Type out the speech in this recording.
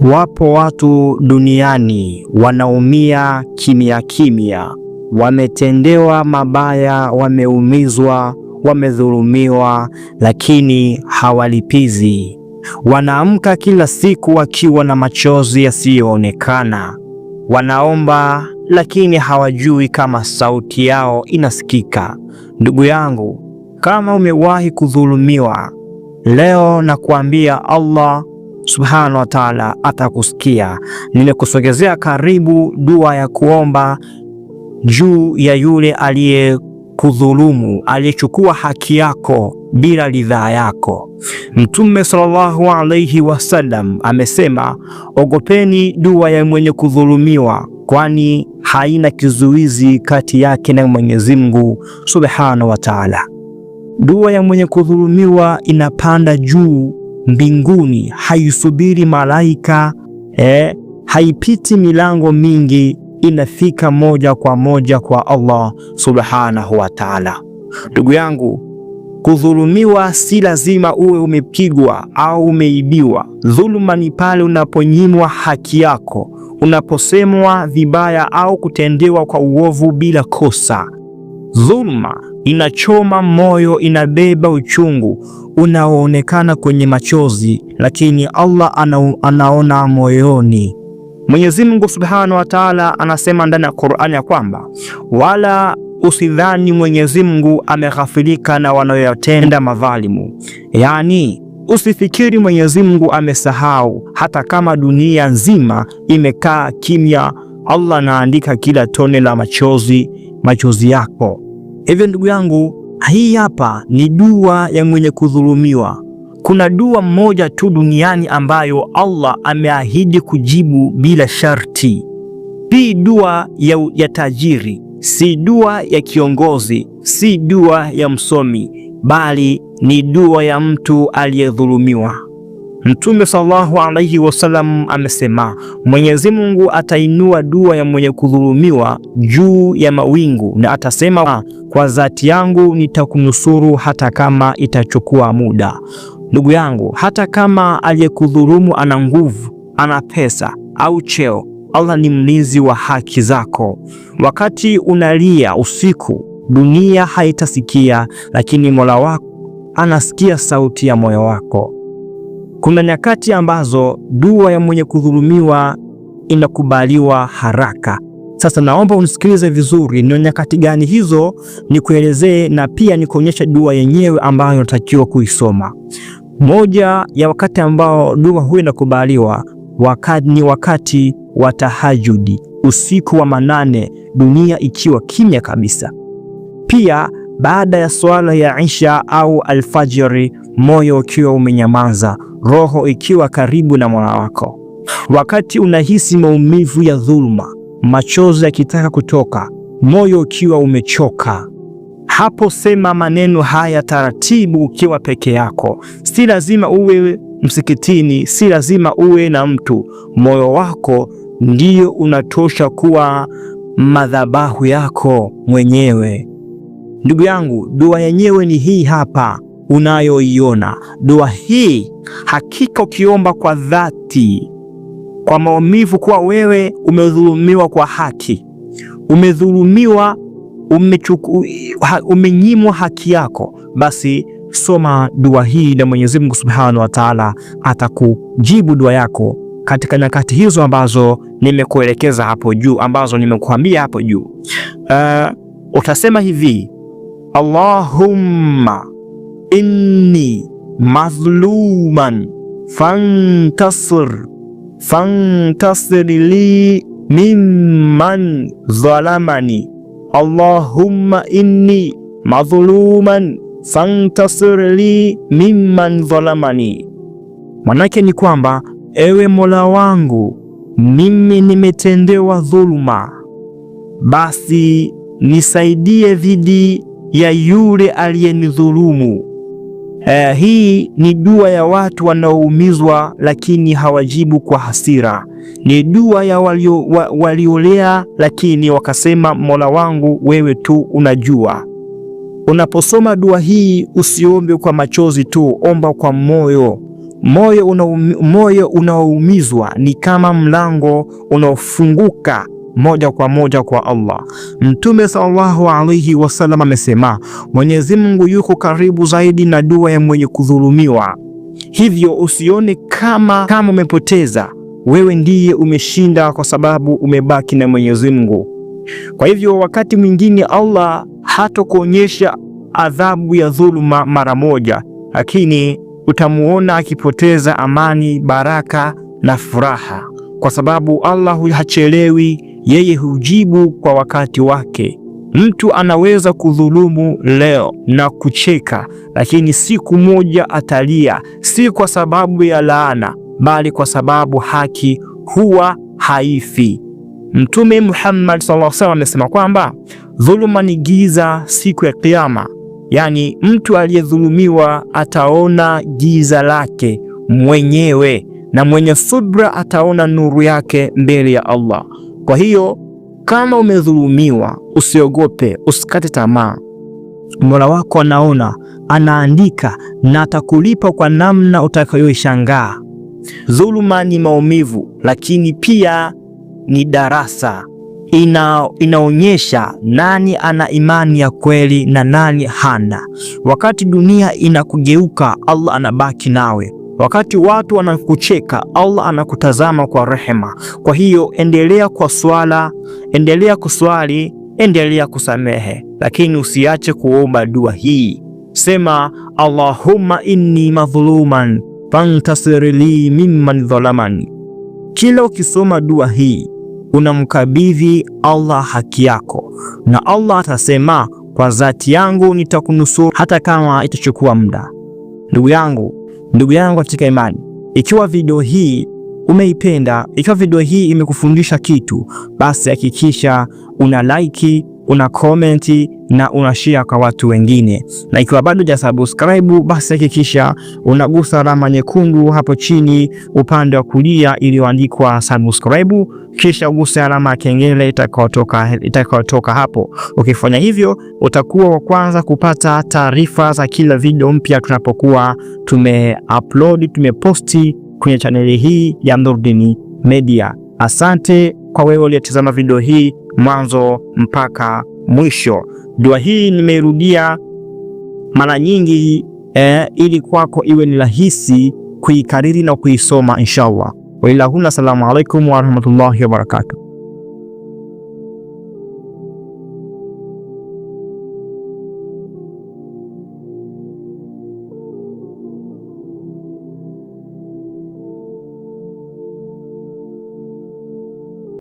Wapo watu duniani wanaumia kimya kimya, wametendewa mabaya, wameumizwa, wamedhulumiwa, lakini hawalipizi. Wanaamka kila siku wakiwa na machozi yasiyoonekana, wanaomba lakini hawajui kama sauti yao inasikika. Ndugu yangu, kama umewahi kudhulumiwa, leo nakuambia Allah subhanahu wa taala atakusikia. Nimekusogezea karibu dua ya kuomba juu ya yule aliyekudhulumu, aliyechukua haki yako bila ridhaa yako. Mtume sallallahu alayhi wasallam amesema, ogopeni dua ya mwenye kudhulumiwa, kwani haina kizuizi kati yake na Mwenyezi Mungu subhanahu wa taala. Dua ya mwenye kudhulumiwa inapanda juu mbinguni, haisubiri malaika eh, haipiti milango mingi, inafika moja kwa moja kwa Allah subhanahu wa ta'ala. Ndugu yangu, kudhulumiwa si lazima uwe umepigwa au umeibiwa. Dhuluma ni pale unaponyimwa haki yako, unaposemwa vibaya au kutendewa kwa uovu bila kosa. Dhuluma inachoma moyo, inabeba uchungu unaoonekana kwenye machozi, lakini Allah ana, anaona moyoni. Mwenyezi Mungu Subhanahu wa Ta'ala anasema ndani ya Qur'ani ya kwamba wala usidhani Mwenyezi Mungu ameghafilika na wanayotenda madhalimu, yaani usifikiri Mwenyezi Mungu amesahau. Hata kama dunia nzima imekaa kimya, Allah anaandika kila tone la machozi machozi yako. Hivyo ndugu yangu hii hapa ni dua ya mwenye kudhulumiwa. Kuna dua moja tu duniani ambayo Allah ameahidi kujibu bila sharti. Si dua ya, ya tajiri, si dua ya kiongozi, si dua ya msomi, bali ni dua ya mtu aliyedhulumiwa. Mtume sallallahu alaihi wasallam amesema Mwenyezi Mungu atainua dua ya mwenye kudhulumiwa juu ya mawingu na atasema, kwa dhati yangu nitakunusuru hata kama itachukua muda. Ndugu yangu, hata kama aliyekudhulumu ana nguvu, ana pesa au cheo, Allah ni mlinzi wa haki zako. Wakati unalia usiku, dunia haitasikia, lakini Mola wako anasikia sauti ya moyo wako. Kuna nyakati ambazo dua ya mwenye kudhulumiwa inakubaliwa haraka. Sasa naomba unisikilize vizuri, ni nyakati gani hizo nikuelezee, na pia nikuonyesha dua yenyewe ambayo unatakiwa kuisoma. Moja ya wakati ambao dua huyo inakubaliwa wakati, ni wakati wa tahajudi, usiku wa manane, dunia ikiwa kimya kabisa. Pia baada ya swala ya Isha au alfajiri moyo ukiwa umenyamaza, roho ikiwa karibu na mwana wako. Wakati unahisi maumivu ya dhuluma, machozi yakitaka kutoka, moyo ukiwa umechoka, hapo sema maneno haya taratibu, ukiwa peke yako. Si lazima uwe msikitini, si lazima uwe na mtu. Moyo wako ndio unatosha kuwa madhabahu yako mwenyewe. Ndugu yangu, dua yenyewe ni hii hapa unayoiona. Dua hii hakika ukiomba kwa dhati, kwa maumivu, kuwa wewe umedhulumiwa kwa haki, umedhulumiwa, umenyimwa haki yako, basi soma dua hii na Mwenyezi Mungu Subhanahu wa Ta'ala atakujibu dua yako katika nyakati hizo ambazo nimekuelekeza hapo juu, ambazo nimekuambia hapo juu. Uh, utasema hivi Allahumma inni madhluman fantasir fantasir li mimman zalamani Allahumma inni madhluman fantasir li mimman zalamani, manake ni kwamba ewe Mola wangu, mimi nimetendewa dhuluma, basi nisaidie dhidi ya yule aliyenidhulumu. Eh, hii ni dua ya watu wanaoumizwa lakini hawajibu kwa hasira. Ni dua ya walio, wa, waliolea lakini wakasema Mola wangu wewe tu unajua. Unaposoma dua hii usiombe kwa machozi tu, omba kwa moyo. Moyo moyo unaoumizwa ni kama mlango unaofunguka moja kwa moja kwa Allah. Mtume sallallahu alaihi wasallam amesema, Mwenyezi Mungu yuko karibu zaidi na dua ya mwenye kudhulumiwa. Hivyo usione kama kama umepoteza, wewe ndiye umeshinda, kwa sababu umebaki na Mwenyezi Mungu. Kwa hivyo wakati mwingine Allah hatakuonyesha adhabu ya dhuluma mara moja, lakini utamuona akipoteza amani, baraka na furaha, kwa sababu Allah hachelewi yeye hujibu kwa wakati wake. Mtu anaweza kudhulumu leo na kucheka, lakini siku moja atalia, si kwa sababu ya laana, bali kwa sababu haki huwa haifi. Mtume Muhammad sallallahu alaihi wasallam amesema kwamba dhuluma ni giza siku ya Kiyama, yaani mtu aliyedhulumiwa ataona giza lake mwenyewe na mwenye subra ataona nuru yake mbele ya Allah. Kwa hiyo kama umedhulumiwa, usiogope, usikate tamaa. Mola wako anaona, anaandika na atakulipa kwa namna utakayoishangaa. Dhuluma ni maumivu, lakini pia ni darasa. Ina, inaonyesha nani ana imani ya kweli na nani hana. Wakati dunia inakugeuka, Allah anabaki nawe. Wakati watu wanakucheka, Allah anakutazama kwa rehema. Kwa hiyo endelea kwa swala, endelea kuswali, endelea kusamehe, lakini usiache kuomba dua hii. Sema, Allahumma inni madhuluman fantasir li mimman dhalamani. Kila ukisoma dua hii unamkabidhi Allah haki yako, na Allah atasema, kwa dhati yangu nitakunusuru hata kama itachukua muda. Ndugu yangu Ndugu yangu katika imani, ikiwa video hii umeipenda, ikiwa video hii imekufundisha kitu, basi hakikisha una like una comment na una share kwa watu wengine, na ikiwa bado ja subscribe, basi hakikisha unagusa alama nyekundu hapo chini upande wa kulia iliyoandikwa subscribe, kisha uguse alama ya kengele itakayotoka itakayotoka hapo. Ukifanya hivyo, utakuwa wa kwanza kupata taarifa za kila video mpya tunapokuwa tume tumeposti kwenye chaneli hii ya Nurdin Media. Asante kwa wewe uliyetazama video hii mwanzo mpaka mwisho. Dua hii nimeirudia mara nyingi eh, ili kwako iwe ni rahisi kuikariri na kuisoma inshallah. Wailahuna, assalamu alaikum warahmatullahi wabarakatuh.